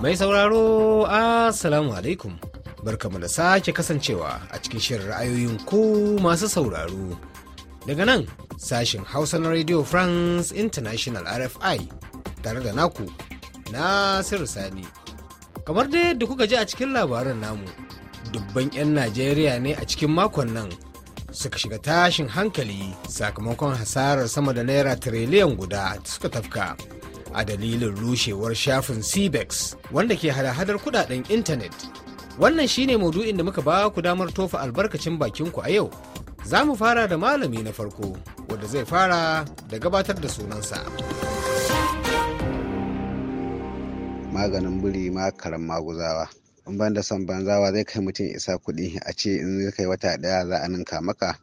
Mai sauraro Assalamu alaikum. Barkamu da sake kasancewa a cikin shirin ra'ayoyin ku masu sauraro. Daga nan sashen Hausa na Radio France International RFI tare da naku Nasiru Sani. Kamar dai yadda kuka ji a cikin labaran namu, dubban 'yan Najeriya ne a cikin makon nan suka shiga tashin hankali sakamakon hasarar sama da naira tiriliyan guda suka tafka a dalilin rushewar shafin cbex wanda ke hada-hadar kudaden intanet wannan shine maudu'in da muka ba ku damar tofa albarkacin bakinku a yau za mu fara da malami na farko wanda zai fara da gabatar da sunansa maganin biri karan maguzawa in ban da son banzawa zai kai mutum isa kuɗi a ce in zai kai wata ɗaya za a ninka maka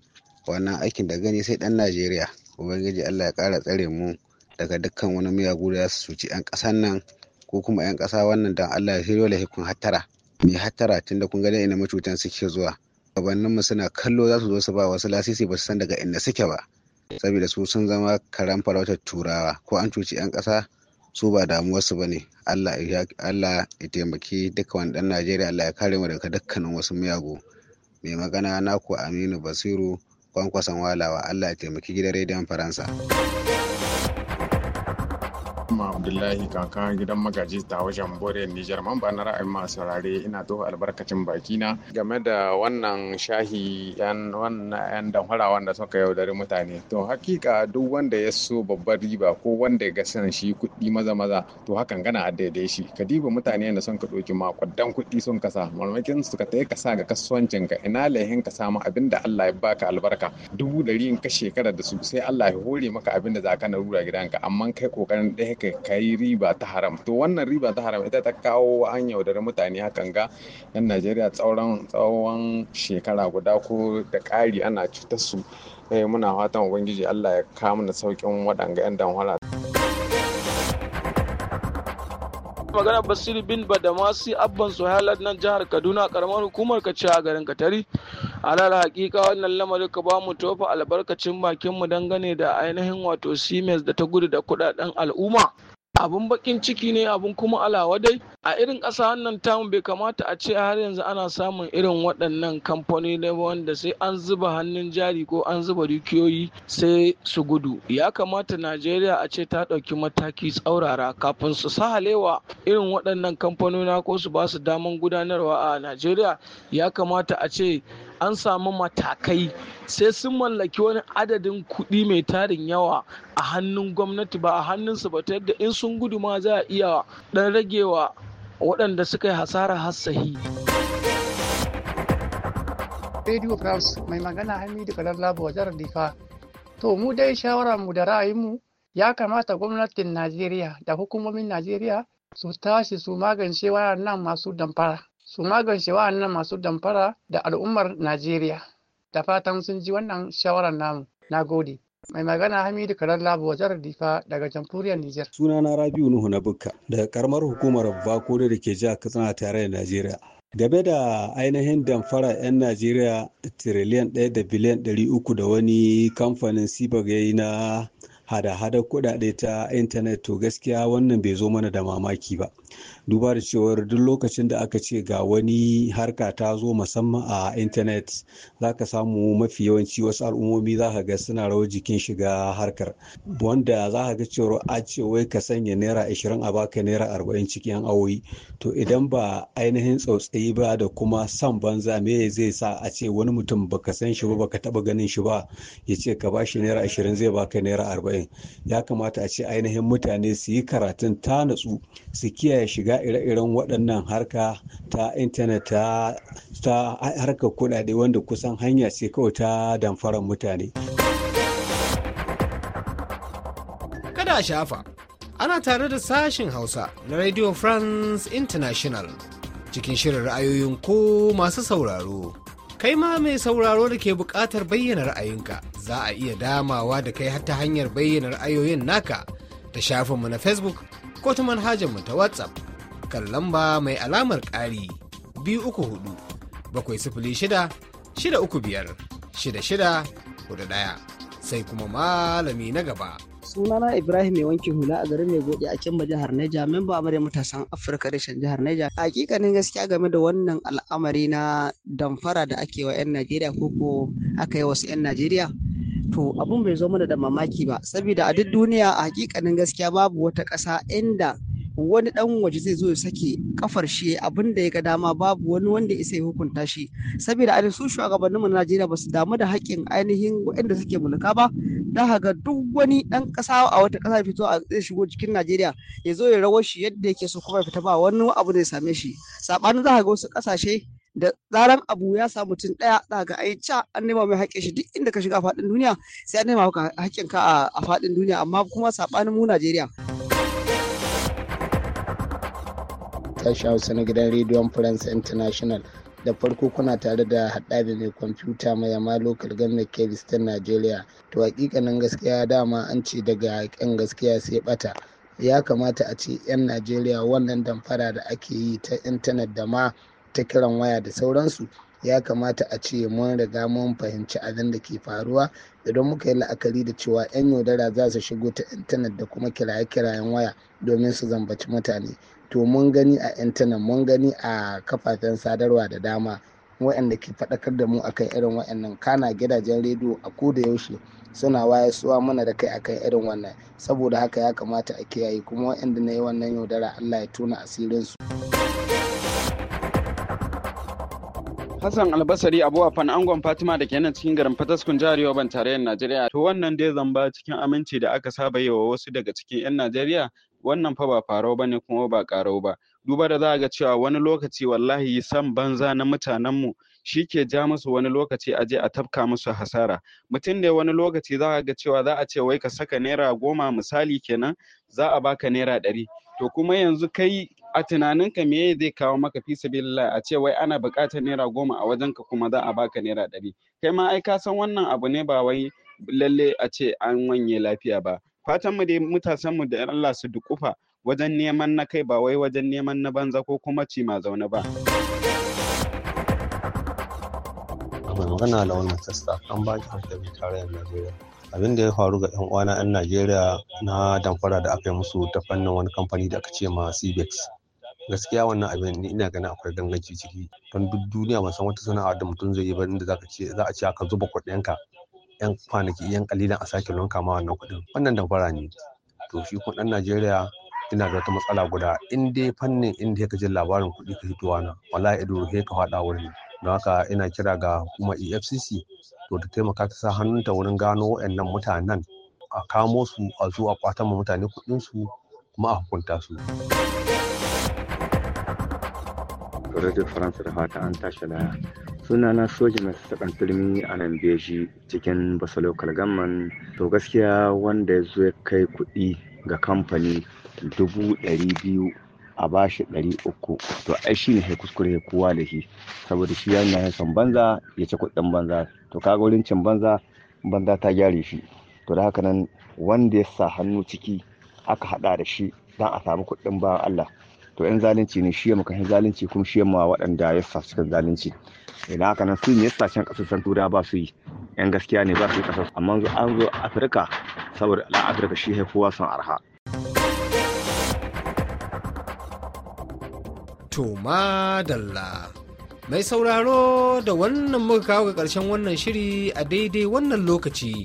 wannan aikin da gani sai ɗan najeriya ubangiji allah ya ƙara tsare mu daga dukkan wani miyagu da su cuci 'yan ƙasan nan ko kuma 'yan ƙasa wannan dan allah ya shirya lahikun hattara mai hattara tun da kun gani ina macutan suke zuwa mu suna kallo za su zo su ba wasu lasisi ba su san daga inda suke ba saboda su sun zama karan farautar turawa ko an cuci 'yan ƙasa su ba damuwarsu ba ne allah ya taimaki duka wani ɗan najeriya allah ya kare mu daga dukkanin wasu miyagu mai magana na ku aminu basiru kwankwasan walawa allah ya taimaki gidan rediyon faransa Ma Abdullahi kaka gidan magaji ta wajen Bore Nijar man ba na ra'ayin masu saurare ina toho albarkacin bakina game da wannan shahi yan wannan yan damfara wanda suka yaudari mutane. To hakika duk wanda ya so babbar riba ko wanda ya ga san shi kuɗi maza maza to hakan gana a daidai shi. Ka diba mutane da son ka ɗauki makwadan kuɗi sun kasa malmakin su ka ta kasa ga kasuwancin ka ina lahin ka samu abin da Allah ya baka albarka dubu ɗari in ka shekara da su sai Allah ya hore maka abin da za ka na rura gidanka amma kai kokarin ɗaya ka kai riba ta haram to wannan riba ta haram ita ta kawo an yaudari mutane hakan ga yan najeriya tsawon shekara guda ko da ƙari ana cutar su eh, muna fatan ubangiji allah ya kawo mana saukin waɗanga yan damhara magana basir bin badamasi abban suhalar nan jihar kaduna karamar hukumar kaciya garin katari alal hakika wannan lamarin ka ba mu tofa albarkacin bakin mu dangane da ainihin wato siemens da ta gudu da kudaden al'umma abun bakin ciki ne abun kuma dai. a irin ƙasa wannan tamu bai kamata a ce har yanzu ana samun irin waɗannan kamfani na wanda sai an zuba hannun jari ko an zuba dukiyoyi sai su gudu ya kamata najeriya a ce ta ɗauki mataki tsaurara kafin su sahalewa irin waɗannan kamfanona ko su ba su daman gudanarwa a najeriya ya kamata a ce an samu matakai sai sun mallaki wani adadin kuɗi mai tarin yawa a hannun gwamnati ba a hannunsu ba ta yadda in sun gudu ma za a iya ɗan ragewa waɗanda suka yi hasara hassahi. Radio mai magana Hamidu Kalallabo wajen Radifa. To mu dai shawara mu da ra'ayinmu ya kamata gwamnatin Najeriya da hukumomin Najeriya su tashi su magance nan masu damfara. su magance wa'annan masu damfara da al'ummar Najeriya. Da fatan sun ji wannan shawarar namu. Na gode. mai magana hamidu karallabu wajen difa daga jamhuriyar niger sunana rabiu nuhu na bukka daga karamar hukumar bakore da ke jihar katsina tare da najeriya game da ainihin damfara 'yan najeriya tiriliyan 1 da biliyan 300 da wani kamfanin sibag ya yi na hada-hada kudade ta intanet to gaskiya wannan bai zo mana da mamaki ba duba da cewar duk lokacin da aka ce ga wani harka ta zo musamman a intanet za ka samu mafi yawanci wasu al'ummomi za ka ga suna rawar jikin shiga harkar wanda za ka ga cewar a ce wai ka sanya naira ashirin a baka naira arba'in cikin awoyi to idan ba ainihin tsautsayi ba da kuma san banza me zai sa a ce wani mutum baka san shi ba baka taba ganin shi ba ya ce ka bashi naira ashirin zai baka naira arba'in ya kamata a ce ainihin mutane su yi karatun ta natsu su kiyaye ya shiga ire-iren waɗannan harka ta intanet ta, ta harkar kuɗaɗe wanda kusan hanya ce kawai ta damfarar mutane. Kada shafa, ana tare da sashin Hausa na Radio France International cikin shirin ra'ayoyin ko masu sauraro. Kai ma mai sauraro da ke buƙatar bayyana ra'ayinka za a iya damawa da kai hatta hanyar bayyana ra'ayoyin naka ta shafinmu na Facebook ko ta manhajar mu ta WhatsApp kan lamba mai alamar ƙari biyu uku hudu bakwai sifili shida shida uku biyar shida shida hudu ɗaya sai kuma malami na gaba. sunana ibrahim mai wanki hula a garin mai gode a kimba jihar neja memba amare matasan afirka reshen jihar neja hakikanin gaskiya game da wannan al'amari na damfara da ake wa 'yan najeriya ko aka yi wasu 'yan najeriya to abun bai zo mana da mamaki ba saboda a duk duniya a hakikanin gaskiya babu wata ƙasa inda wani dan waje zai zo ya sake kafar shi abin da ya ga dama babu wani wanda isa ya hukunta shi saboda a su mu na Najeriya ba su damu da haƙƙin ainihin waɗanda suke mulka ba da haka duk wani dan ƙasa a wata ƙasa fito a zai shigo cikin Najeriya ya zo ya rawar shi yadda yake so kuma ya fita ba wani abu da ya same shi sabanin za ka ga wasu ƙasashe da zaran abu ya samu mutum ɗaya za ga ai ca an nema mai haƙƙin shi duk inda ka shiga a faɗin duniya sai an nema maka haƙƙin ka a faɗin duniya amma kuma saɓanin mu Najeriya. Sashi Hausa na gidan rediyon France International da farko kuna tare da haɗabi mai kwamfuta mai yamma lokal government Kevistan ta najeriya to hakikanin gaskiya dama an ce daga yan gaskiya sai bata ya kamata a ce 'yan najeriya wannan damfara da ake yi ta intanet da ma ta kiran waya da sauransu ya kamata a ce mun riga mun fahimci abin da ke faruwa idan muka yi la'akari da cewa 'yan yaudara za su shigo ta intanet da kuma kiraye-kirayen waya domin su zambaci mutane to mun gani a intanet mun gani a kafafen sadarwa da dama waɗanda ke faɗakar da mu akan irin waɗannan kana gidajen rediyo a ko da yaushe suna waya suwa mana da kai akan irin wannan saboda haka ya kamata a kiyaye kuma waɗanda na yi wannan yaudara allah ya tona asirinsu. su Hassan Albasari Abu Afan Angon Fatima da ke nan cikin garin Fataskun jihar Yoban tarayyar Najeriya. To wannan dai zan ba cikin aminci da aka saba yi wa wasu daga cikin 'yan Najeriya wannan fa ba farau ba ne kuma ba karau ba. Duba da za a ga cewa wani lokaci wallahi san banza na mutanenmu shi ke ja musu wani lokaci a je a tafka musu hasara mutum ne wani lokaci za ga cewa za a ce wai ka saka naira goma misali kenan za a baka naira ɗari to kuma yanzu kai a tunanin ka me zai kawo maka fi sabilillah a ce wai ana buƙatar naira goma a wajen ka kuma za a baka naira ɗari kai ma ai ka san wannan abu ne ba wai lalle a ce an wanye lafiya ba fatan mu dai mutasan mu da Allah su dukufa wajen neman na kai ba wai wajen neman na banza ko kuma ci ma zaune ba. mai magana da wannan Manchester an baki hankalin tarayyar Najeriya. Abin da ya faru ga 'yan uwana 'yan Najeriya na damfara da aka yi musu ta fannin wani kamfani da aka ce ma Cibex. Gaskiya wannan abin ni ina ganin akwai ganganci ciki don duk duniya ban san wata sana'a da mutum zai yi ba inda zaka ce za a ce aka zuba kuɗinka yan kwanaki yan kalilan a sake lonka ma wannan kuɗin wannan damfara ne to shi kun ɗan Najeriya ina da wata matsala guda in fannin inda ya ji labarin kuɗi ka hito na wallahi ido ka faɗa wurin don haka ina kira ga hukumar efcc to ta taimaka ta sa hannunta wurin gano wa'annan mutanen a kamo su a zuwa a kwatan ma mutane su kuma a hukunta su. Radio France da fata an tashi laya. Suna na soja mai sakan filmi a nan beji cikin Basalo Kalgamman. To gaskiya wanda ya zo ya kai kuɗi ga kamfani dubu ɗari biyu a ba shi ɗari uku to ai shi ne kuskure kowa da shi saboda shi yana ya banza ya ci kuɗin banza to kaga wurin cin banza banza ta gyare shi to da haka nan wanda ya sa hannu ciki aka haɗa da shi don a samu kuɗin ba Allah to yan zalunci ne shi ya makahin zalunci kuma shi ma waɗanda ya sa cikin zalunci idan haka nan sun ne ya sa can ba su yi yan gaskiya ne ba su yi ƙasar amma an zo afirka saboda al'an afirka shi haifuwa sun arha To madalla. Mai sauraro da wannan muka kawo ga ƙarshen wannan shiri a daidai wannan lokaci.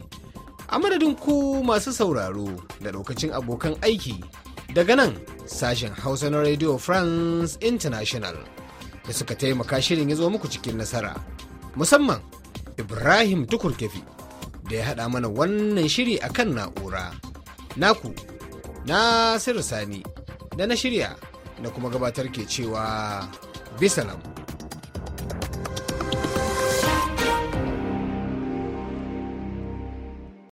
A madadin ku masu sauraro da lokacin abokan aiki daga nan sashen Hausa na Radio France International da suka taimaka shirin ya zo muku cikin nasara. Musamman Ibrahim Tukurkefi da ya haɗa mana wannan shiri a kan na'ura. Naku, Nasiru Sani, da na shirya. da kuma gabatar ke cewa bisa lagu.